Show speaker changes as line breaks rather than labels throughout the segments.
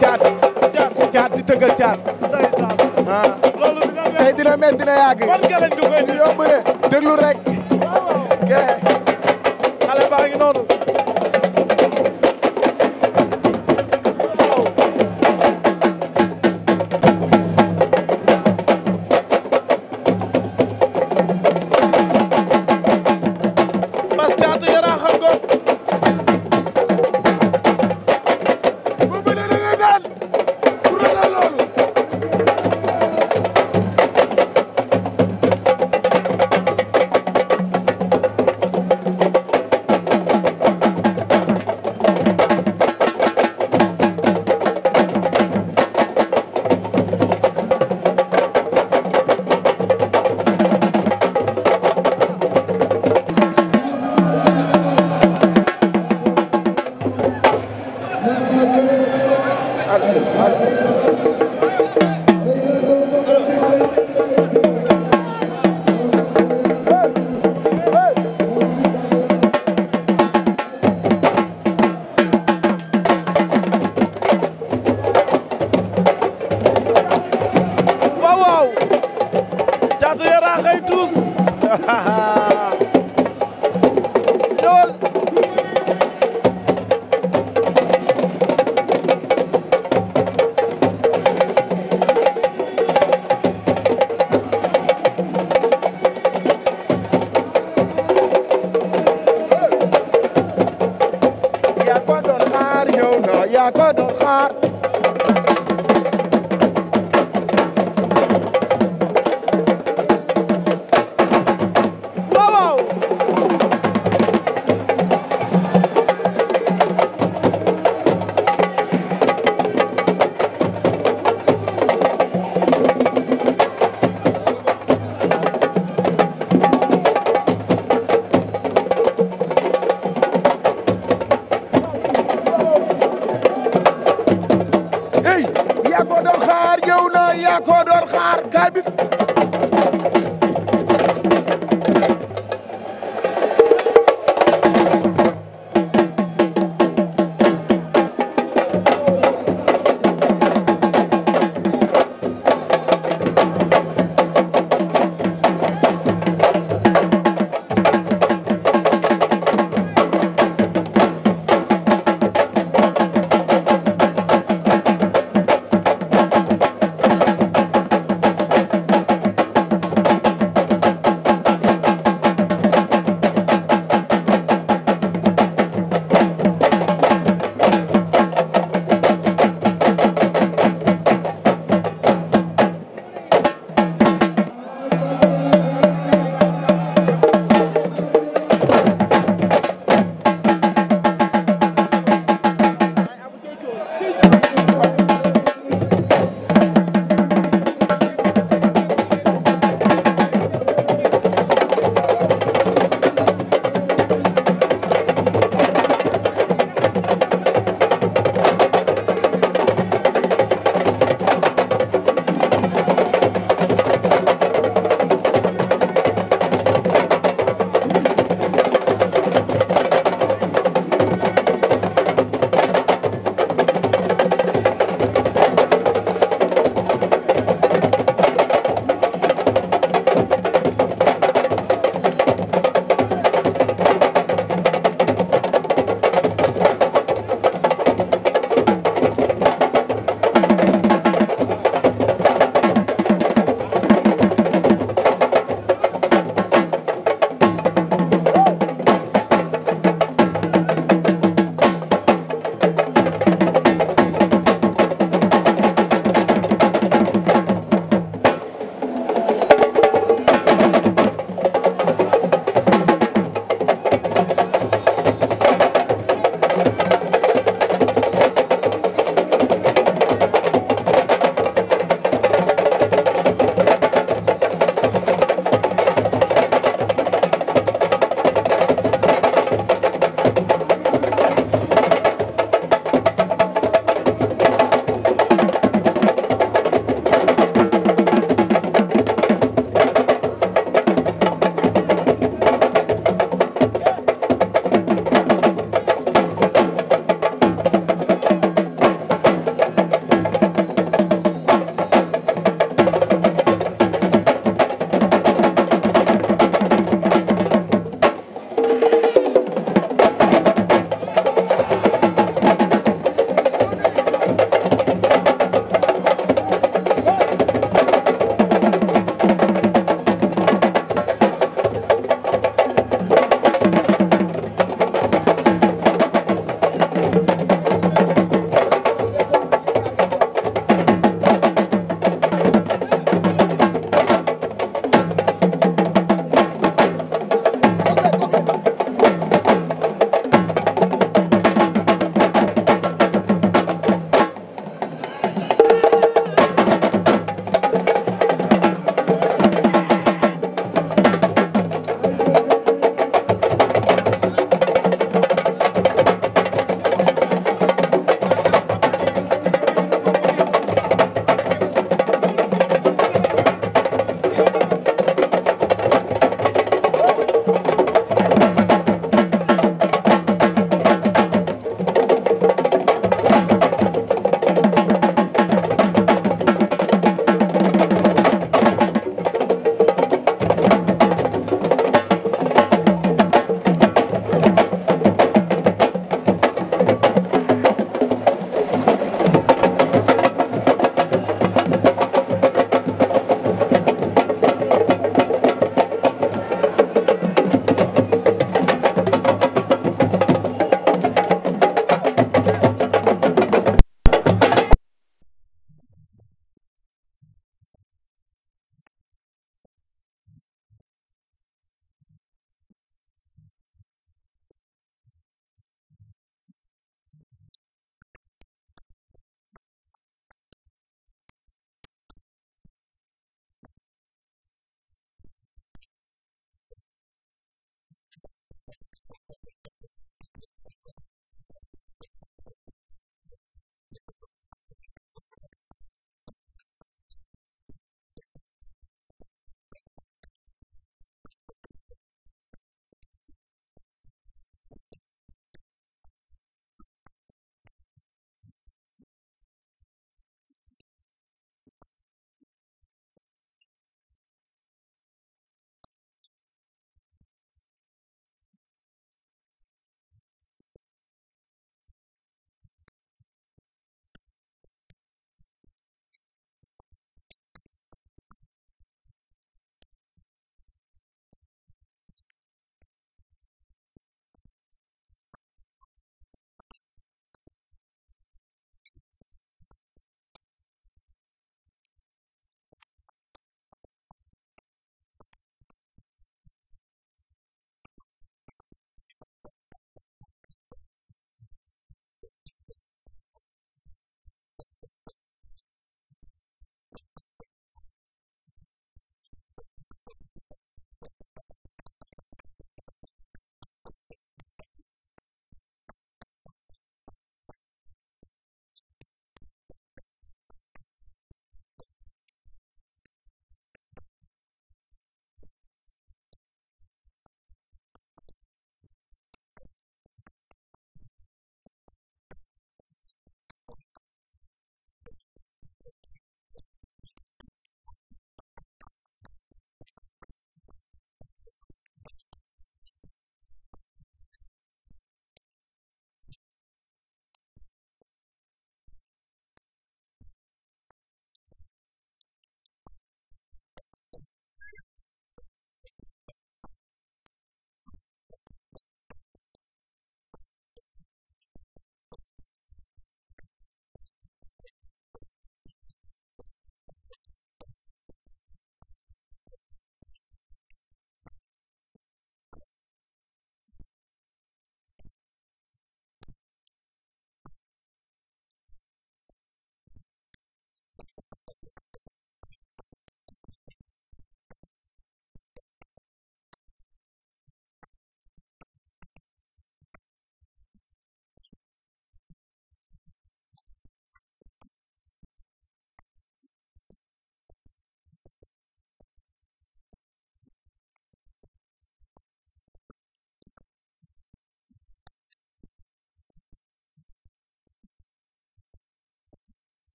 caat caat di tëggal caat. ah tey dina met dina yàgg. yomb de déglu rek. xale baa ngi noonu. maa ko doon xaar yaa ko doon xaar kaay bi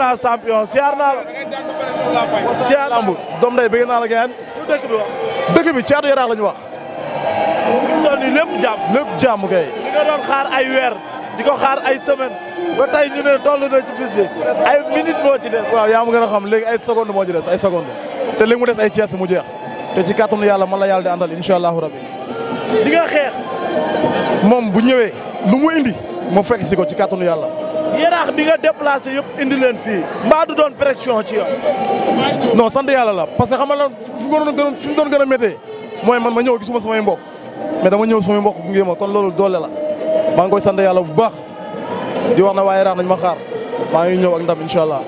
grand champion siyaar si la siyaar amul doom day bëgg naa la ngeen dëkk bi wax dëkk bi caatu yaraax la ñu wax doon ni lépp jàmm lépp jàmm kay li weer di ko xaar ay semaine ba tey ñu ne toll na ci bis ay minute moo ci des waaw yaa ma xam léegi ay seconde moo ci des ay seconde te léegi mu des ay cees mu jeex te ci kàttanu yàlla man la yàlla di àndal incha allahu rabbi di nga xeex moom bu ñëwee lu mu indi mu fekk si ko ci kàttanu yàlla yaraax bi nga déplacé yëpp indi leen fii mbaa du doon pression ci yow. non sant yàlla la parce que xam nga fu mu doon gën a fi mu doon gën a méttee mooy man ma ñëw gisuma samay mbokk mais dama ñëw samay mbokk gunge ma kon loolu doole la maa ngi koy sant yàlla bu baax di wax na waa yaraax nañ ma xaar maa ngi ñëw ak ndam incha allah.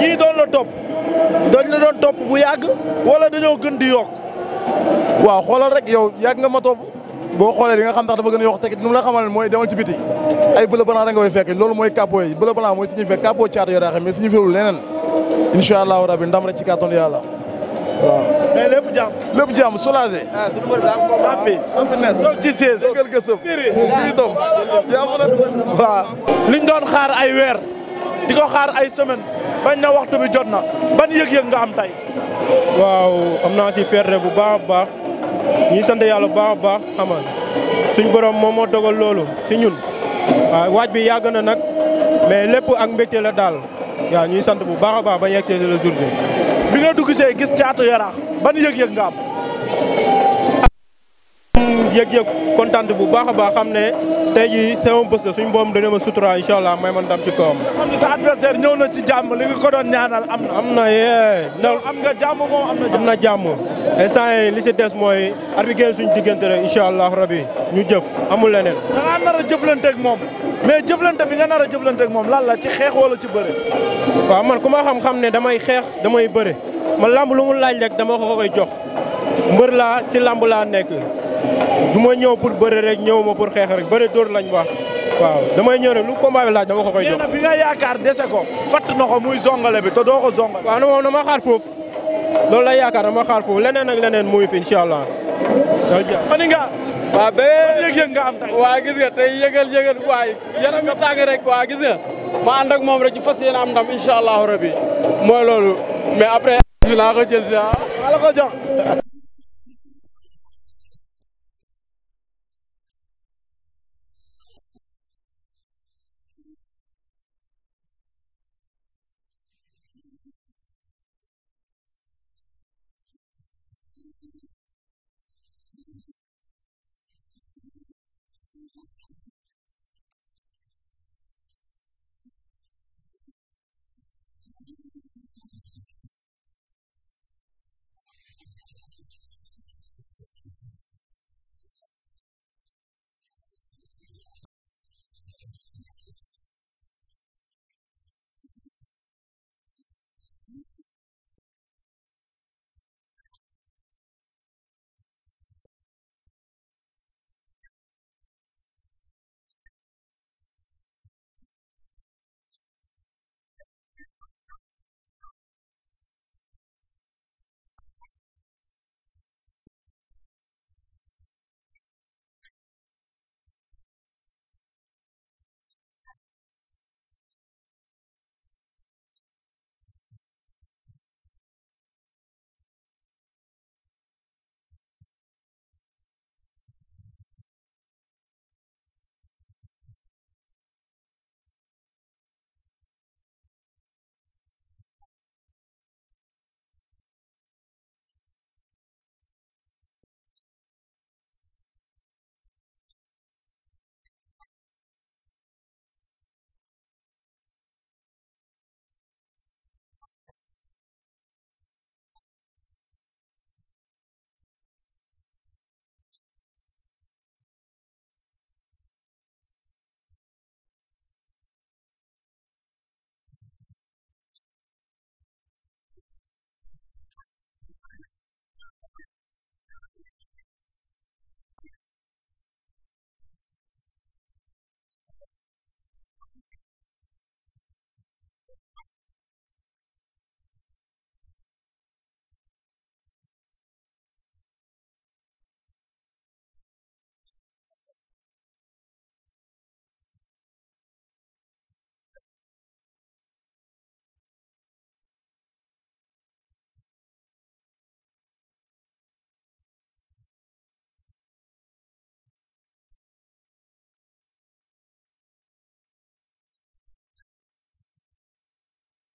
ñii doon la topp dañ la doon topp bu yàgg wala dañoo gën di yokk. waaw xoolal rek yow yàgg nga ma topp boo xoolee di nga xam ndax dafa gën a yokk mooy demal ci biti ay bleu blanc da nga fekk loolu mooy capot yi bleu blanc mooy suñu fekk capot caatu yaraaxe mais suñu feewul leneen incha allahu rabi ndam rek ci kàttan yàlla waaw. mais lépp jàmm. lépp ah, ci seen. dëggal gësëm. suñu doom. yaa
liñ doon xaar ay weer di ko xaar ay semaine bañ na waxtu bi jot na ban yëg-yëg nga am tey. waaw am naa si fierté bu baax a baax ñi sant yàlla bu baax a baax xam nga suñu borom moom loolu si waa waaj bi yàgg na nag mais lépp ak mbégte la daal yaa ñuy sant bu baax a baax ba ñu eggsee le jour bi. bi nga dugg see gis caatu yaraax ban yëg-yëg nga am. yëg-yëg kontaan bu baax a baax xam ne. tey jii sama bés la suñu boom dañoo ma sutura incha allah may man dam ci kawam. xam ñëw na ci jàmm li nga ko doon ñaanal am na. am na yee. ndax am nga jàmm moom am na jàmm. am na jàmm instant li si des mooy at suñu diggante rek incha allah rabi ñu jëf amul leneen. da ngaa nar moom mais jëflante bi nga nar a jëflanteeg moom lan la ci xeex wala ci bëre. waaw man ku ma xam-xam ne damay xeex damay bëre ma làmb lu mu laaj lek dama ko koy jox mbër laa si làmb laa nekk. du ma ñëw pour bëre rek ñëw ma pour xeex rek bëre dóor lañ wax waaw damay ñëw rek lu combat bi laaj dama ko koy jox. bi nga yaakaar dese ko fatt na ko muy zongale bi te doo ko zongale. na moom dama xaar leneen ak leneen muy fi incha allah. mani nga. waaw bee yëg-yëg nga am tey. waa gis nga tey yëgal yëgal waay yaram mi tàng rek waa gis nga. ma ànd ak moom rek ci fas yéene am ndam incha allahu rabi mooy loolu mais après. bi naa ko jël si ah.
maa la ko